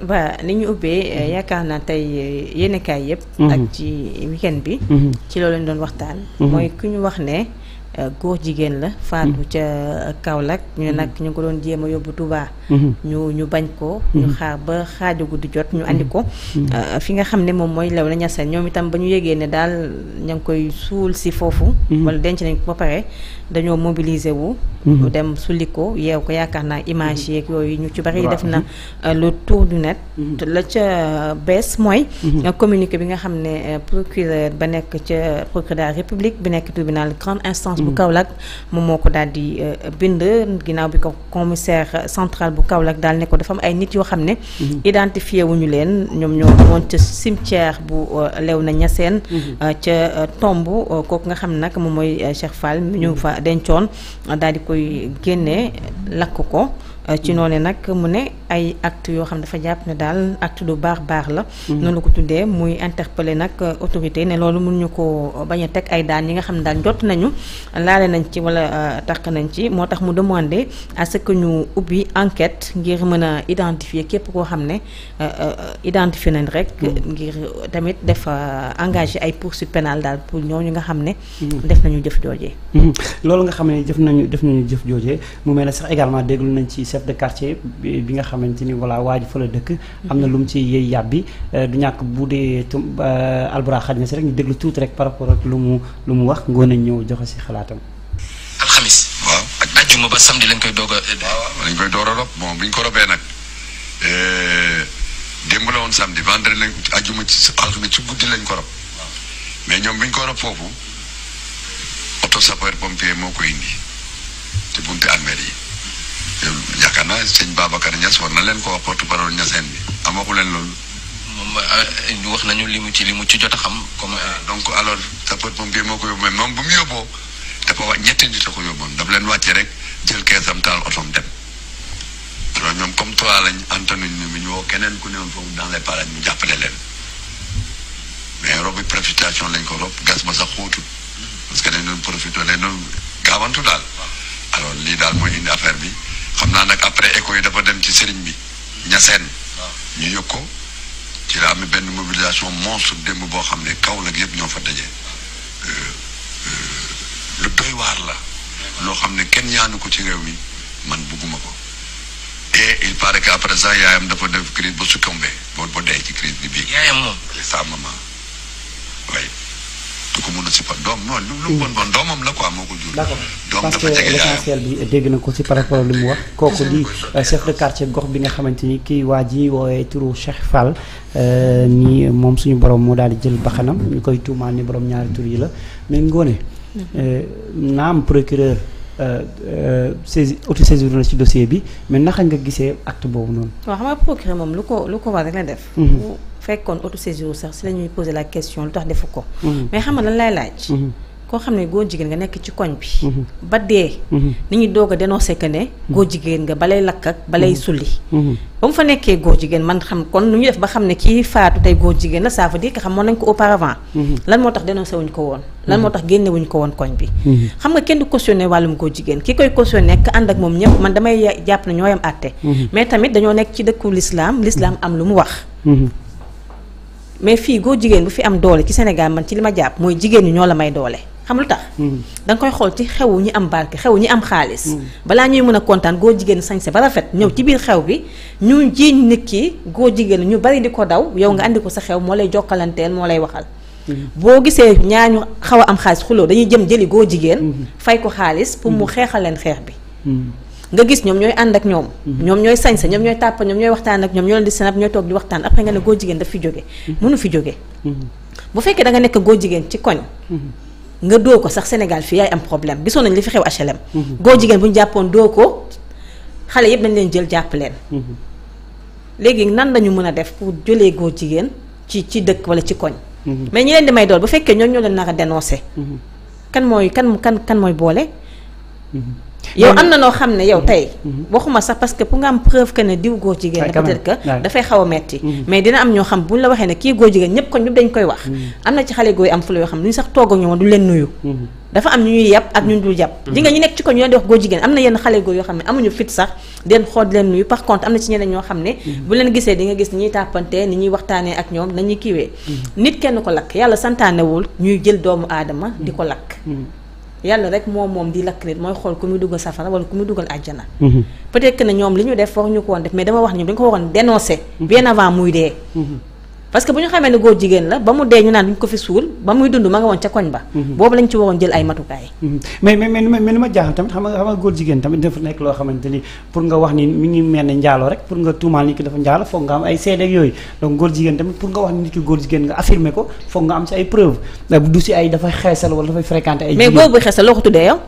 voilà ni ñu ubbee mhm. eh, yaakaar naa tey eh, yéenekaay yëpp. Mhm. ak ci weekend bi. Mhm. ci loolu lañ doon waxtaan. mooy ku ñu wax ne. Euh, góor jigéen la faatu mm-hmm. ca euh, Kaolack ñu nag mm-hmm. ñu ko doon jéem a yóbbu Touba mm-hmm. ñu ñu bañ ko ñu xaar ba xaaja guddi jot ñu andi ko euh, fi nga xam ne moom mooy Léona Niassène ñoom itam ba ñu yégee ne daal ña ngi koy suul si foofu wala denc nañ ko ba pare dañoo mobiliser wu ñu dem sulli ko yeew ko yaakaar naa image yeeg yooyu ñu ci bari def na le tour du net la ca bees mooy communiqué bi nga xam ne procureur ba nekk ca procureur de République bi nekk tribunal bu Kaolack moom moo ko daal di euh, bind ginnaaw bi ko commissaire central bu Kaolack daal ne ko dafa ay nit yoo xam ne mhm. identifié wuñu leen ñoom ñoom woon ca cimetière bu euh, Léona Niassène mhm. euh, ca tomb kooku nga xam nag moom mooy Cheikh Fall mu ñu mhm. fa dencoon daal di koy génne lakk ko ci noonu nag mu ne ay actes yoo xam dafa jàpp ne daal acte du baax la. Mhm. noonu la ko tuddee muy interpellé nag euh, autorité ne loolu mun ñu ko bañ a teg ay daan yi nga xam ne daal jot nañu laale nañ ci wala euh, taq nañ ci moo tax mu demandé à que ñu ubbi enquête ngir mën a identifier képp koo xam ne euh, identifier nañ rek. Mhm. ngir tamit def engagé ay poursuites pénales daal pour ñooñu nga xam mhm. nañu jëf joojee. loolu nga xam ne def nañu def jëf joojee mu mel ne sax également déglu nañ ci chef de quartier bi nga xam xamante voilà waa ji fa la dëkk am na lu mu ci yëy yàbbi euh, du ñàkk bu dee euh, albura xaj nga si rek ñu déglu tuuti rek par rapport ak lu mu lu mu wax ngoon a ñëw joxe si xalaatam alxamis waaw ak ajjuma ba samedi lañ koy doog a euh, waaw lañ koy bon bu ko robee nag démb la woon samedi vendredi lañ ajjuma ci alxamis ci guddi lañ ko rob mais ñoom bu ko rob foofu oto sapeur pompier moo ko indi moins sëñ Babacar Niass war na leen ko wax porte parole Niassène bi amaku leen loolu. moom euh, wax nañu li mu ci li mu ci jot a xam. comme euh, donc sa sapeur-pompier moo ko yóbbu mais moom bu mu yóbboo dafa wax ñetti nit a ko yóbboon daf leen wàcce rek jël keesam taal otoom dem. alors ñoom comme toi lañ antanu ñu mu ñu woo keneen ku newoon foofu dans les parages jàppale leen mais robi précipitation lañ ko rob gas ba sax xóotul parce que dañ doon profité dañ doon daal alors lii daal mooy indi affaire bi. xam naa nag après écho yi dafa dem ci sëriñ bi ñaseen ñu yëg ko ci la amee benn mobilisation monstre démb boo xam ne kaw nag yëpp ñoo fa daje euh, euh, lu doy waar la loo xam ne kenn ñaanu ko ci réew mi man bugguma ko et il paraît que à présent yaayam dafa def crise ba succombé boo ba dee ci crise bi bii yaayam moom sa maman oui du ko ko jur. parce que l'essentiel bi dégg na ko ci par rapport li mu wax kooku di euh, chef de quartier gox bi nga xamante ni kii waa ji woowee turu Cheikh Fall euh, ni moom suñu borom moo daal di jël baxanam ñu koy tuumaal ni boroom ñaari tur yi la mais ngoone mm. euh, naam procureur Euh, euh, saisi autosaisir na ci dossier bi mais naka nga gisee acte boobu noonu. waaw xam nga moom lu ko lu ko war rek la def. bu mhm. fekkoon autosaisir sax si la ñuy poser la question lu tax defu ko. Mhm. mais xam nga lan lay laaj. Mhm. koo xam ne goo jigéen nga nekk ci koñ bi. Mhm. ba dee. Mhm. ni ñu doog a dénoncé que ne. Mhm. goo jigéen nga balay lakk ak balay sulli. ba mu fa nekkee góor jigéen man xam kon lu ñu def ba xam ne kii faatu tey goo jigéen la ça veut dire que xamoon nañ ko auparavant. lan moo tax dénoncé wuñ ko woon. lan moo tax génne wuñ ko bi. xam nga kenn du cautionné wàllum góor jigéen ki koy cautionné nekk ànd ak moom ñëpp man damay jàpp na ñoo yam àtte. mais tamit dañoo nekk ci dëkku lislaam lislaam am lu mu wax. mais fii goo jigéen bu fi am doole ci Sénégal man ci li ma jàpp mooy jigéen ñi ñoo la may doole xam lu tax. Hmm. da nga koy xool ci xew ñi am barke xew ñi am xaalis. Hmm. balaa ñuy mën a kontaan goo jigéen sañse ba rafet ñëw hmm. ci biir xew bi ñu jiiñ nit ki goo jigéen ñu bari di ko daw yow nga indi ko sa xew moo lay jokkalanteel moo lay waxal. boo gisee ñaa ñu xaw a am xaalis xuloo dañuy jëm jëli góor jigéen. fay ko xaalis pour mu xeexal leen xeex bi. nga gis ñoom ñooy ànd ak ñoom. ñoom ñooy sañse ñoom ñooy tàpp ñoom ñooy waxtaan ak ñoom ñoo leen di sanab ñooy toog di waxtaan après nga ne góor jigéen daf fi jóge fi jóge bu fekkee da nga nekk góor jigéen ci koñ nga doo ko sax Sénégal fii yaay am problème gisoon nañ li fi xew HLM. Mhm. goo jigéen bu ñu jàppoon doo ko xale yëpp nañ leen jël jàppaleen mhm. léegi nan lañu mën a def pour jëlee góor jigéen ci ci dëkk wala ci koñ. Mhm. mais ñi leen di may dool bu fekkee ñoom ñoo leen nar a dénoncé. kan mooy kan kan kan mooy boole. yow am na noo xam ne yow mm-hmm. tey mm-hmm. waxuma sax parce que pour nga am preuve que ne diw góor jigéen la peut-être dafay xaw a metti mm-hmm. mais dina am ñoo xam buñ la waxee ne kii góor jigéen ñëpp ko ñëpp dañ koy wax am na ci xale góor am fu la yoo xam ne duñ sax toog ak ñoom am ñu ñuy yàpp ak ñu dul yàpp nga ñu nekk ci ko ñu leen di wax na yenn xale góor yoo xam ne amuñu fit sax di leen xool di leen nuyu par contre am na ci ñeneen ñoo xam ne bu leen gisee dinga gis ni ñuy tàppante ni ñuy waxtaanee ak ñoom nañuy kiiwee nit kenn ko lakk yàlla santaanewul ñuy jël doomu aadama di ko lakk yàlla rek moom moom di lakk nit mooy xool ku muy dugal safara wala ku muy dugal àjjana mhm. peut-être ñoom li ñu def wax ñu ko woon def mais dama wax ne ñoom dañu ko waroon dénoncer mhm. bien avant muy dee mhm. parce que bu ñu xamee ne góor jigéen la ba mu dee ñu naan duñ ko fi suul ba muy dund ma nga woon ca koñ ba. Mhm. boobu lañ ci waroon jël ay matukaay. Mhm. mais mais mais mais li ma jaaxal tamit xam nga xam nga góor jigéen tamit dafa nekk loo xamante ni pour nga wax ni mi ngi mel ne njaalo rek pour nga tuumaal nit ki dafa njaalo foog nga am ay seede ak yooyu donc góor jigéen tamit pour nga wax ni nit ki góor jigéen nga affirmer ko foog nga am si ay preuve du si ay dafay xeesal wala dafay fréquenter ay. mais góor buy xeesal loo ko tuddee yow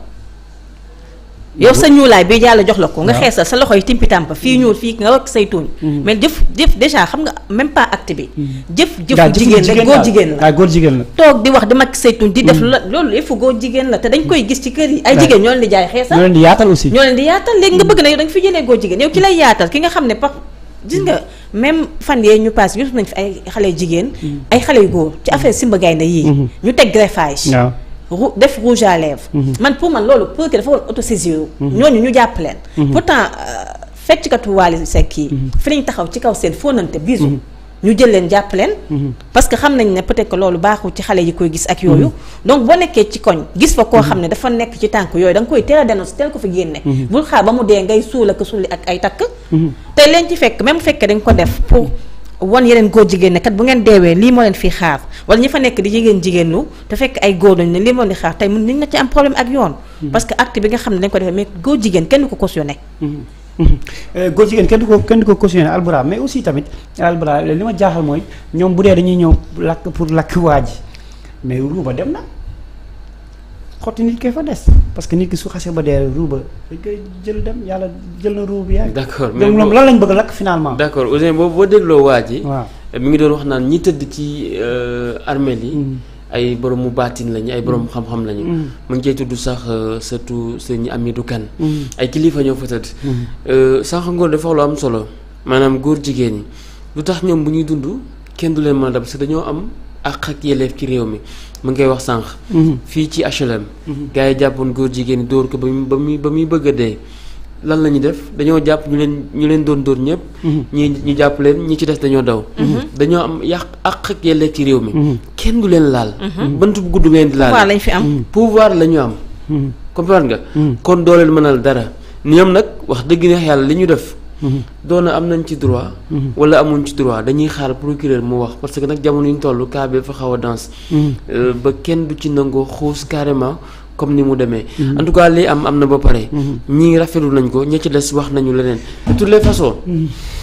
yow sa ñuulaay bi yàlla jox la ko nga xeesal sa loxo yi timpi tàmp fii mm-hmm. ñuul fii nga wax say tuñ mm-hmm. mais jëf jëf déjà xam nga même pas acte bi mm-hmm. jëf jigéen rek góor jigéen la toog di wax di mag say tuñ di def jigéen la te dañ koy gis ci kër yi ay jigéen ñoo leen di jaay xeesal ñoo leen di yaatal aussi ñoo leen di yaatal léegi nga bëgg na yow da nga fi jëlee góor jigéen yow ki lay yaatal ki nga xam ne pax gis nga même fan yee ñu paas gis nañ fi ay xale yu jigéen ay xale yu góor ci affaire simba gaynde yii ñu teg greffage ru def rouge à lèvres. Mhm. man pour man loolu pour que dafa woon autosaisir mhm. ñooñu ñu jàpp leen. Mhm. pourtant euh, feccikatu Wally Seck yi. fi lañ taxaw ci kaw seen fóonante bisu. ñu jël leen jàpp leen. parce que xam nañ ne peut-être que loolu baaxul ci xale yi koy gis ak yooyu. donc boo nekkee ci koñ gis fa koo xam ne dafa nekk ci tànk yooyu da nga koy teel a dénoncé ko fi génne. bul xaar ba mu dee ngay suul ak suuli ak ay takk. te leen ci fekk même bu fekkee dañ ko def pour. wan yeneen goo jigéen ne kat bu ngeen deewee lii moo leen fi xaar wala ñi fa nekk di jigéen jigéen lu te fekk ay góor lañu ne lii moo leen di xaar tey mun nañ na ci am problème ak yoon mm-hmm. parce que nga xam ne dañ ko defee mais góor jigéen kenn du ko cautionné mm-hmm. Mm-hmm. Euh, góor jigéen kenn du ko kenn du ko cautionné Albouraa mais aussi tamit Albouraa li ma jaaxal mooy ñoom bu dee dañuy ñëw lakk pour lakk waa ji mais ruuba dem na xotti nit kee fa des parce que nit ki su xasee ba dee ruuba dañ koy jël dem yàlla jël na ruub yaay. d' accord mais donc lan lañ bëgg lakk finalement. d' accord boobu boo dégloo waa ji. waaw eh, ngi doon wax naan ñi tëdd ci euh, armeel yi. Mm. ay borom mu baatin lañu ay borom mm. xam-xam lañu. Mm. mu ngi cay tudd sax euh, surtout sëñ Amidou Kane. ay kilifa ñoo fa tëdd. Euh, sànq ngoon dafa lu am solo maanaam góor jigéen ñi lu tax ñoom bu ñuy dund kenn du leen mën a dab parce dañoo am. ak ak yelleef ci réew mi mu ngi koy wax sànq. Mhm. fii ci HLM. Mhm. gars yi jàppoon góor jigéen dóor ko ba muy ba muy bëgg a dee. lan la ñu def dañoo jàpp ñu leen ñu leen doon dóor ñëpp. Mhm. ñii ñu jàpp leen ñi ci des dañoo daw. dañoo am yàq ak ak yelleef ci réew mi. kenn du leen laal. bant bu gudd ngeen di laal pouvoir lañ fi am. pouvoir nga. kon doo leen mënal dara ñoom nag wax dëgg neex yàlla li ñu def. doona am nañ ci droit. Mhm. wala amuñ ci droit dañuy xaar procureur mu wax parce que nag jamono yuñ toll cas bi fa xaw a danse. Mhm. Euh, ba kenn du ci nangoo xuus carrément. comme ni mu demee. Mhm. en tout cas lii am am na ba pare. ñii rafetlu nañ ko ña ci des wax nañu leneen de toutes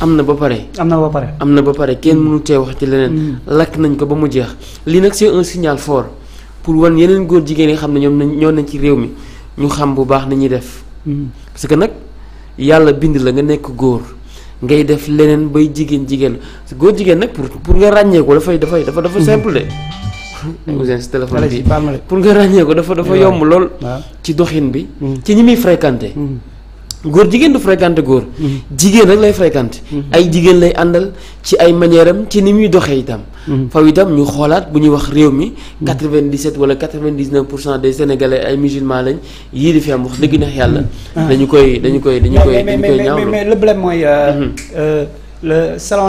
am na ba pare. am na ba pare kenn mënu wax ci leneen. lakk nañ ko ba mu jeex. lii nag c'est signal fort pour wan yeneen góor jigéen yi xam ne ñoom ñoo nañ ci réew mi ñu xam bu baax ni ñuy def. parce que yàlla bind la nga nekk góor ngay def leneen bay jigéen jigéen góor jigéen nag pour pour nga ràññee ko dafay dafay dafa dafa simple de. Hmm. Ouzin si téléphone bi pour nga ràññee ko dafa dafa yomb lool. ci doxin bi. Hmm. ci ñi muy fréquenté. Hmm. góor jigéen du fréquenté góor. jigéen rek lay fréquenté. ay jigéen lay àndal ci ay manière ci ni muy doxee itam. Mm-hmm. faw itam ñu xoolaat bu ñuy wax réew mi 97 mm-hmm. pour cent des sénégalais ay musulmans lañ yii di fi am wax dëgg neex yàlla ah. dañu koy dañu koy dañu koy dañu